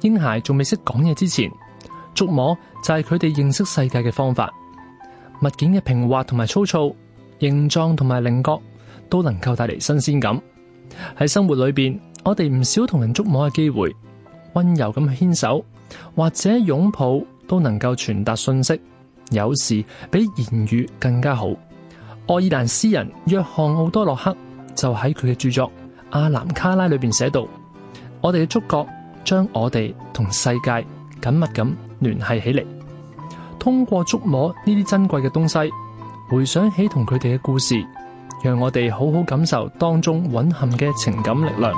嬰孩仲未識講嘢之前，觸摸就係佢哋認識世界嘅方法。物件嘅平滑同埋粗糙，形狀同埋稜角都能夠帶嚟新鮮感。喺生活裏邊，我哋唔少同人觸摸嘅機會，溫柔咁去牽手或者擁抱都能夠傳達信息，有時比言語更加好。愛爾蘭詩人約翰奧多洛克就喺佢嘅著作《阿蘭卡拉》裏邊寫道：我哋嘅觸覺，將我哋同世界緊密咁聯繫起嚟，通過觸摸呢啲珍貴嘅東西，回想起同佢哋嘅故事，讓我哋好好感受當中蘊含嘅情感力量。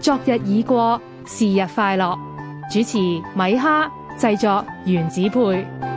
昨日已過，是日快樂。主持米哈，製作原子配。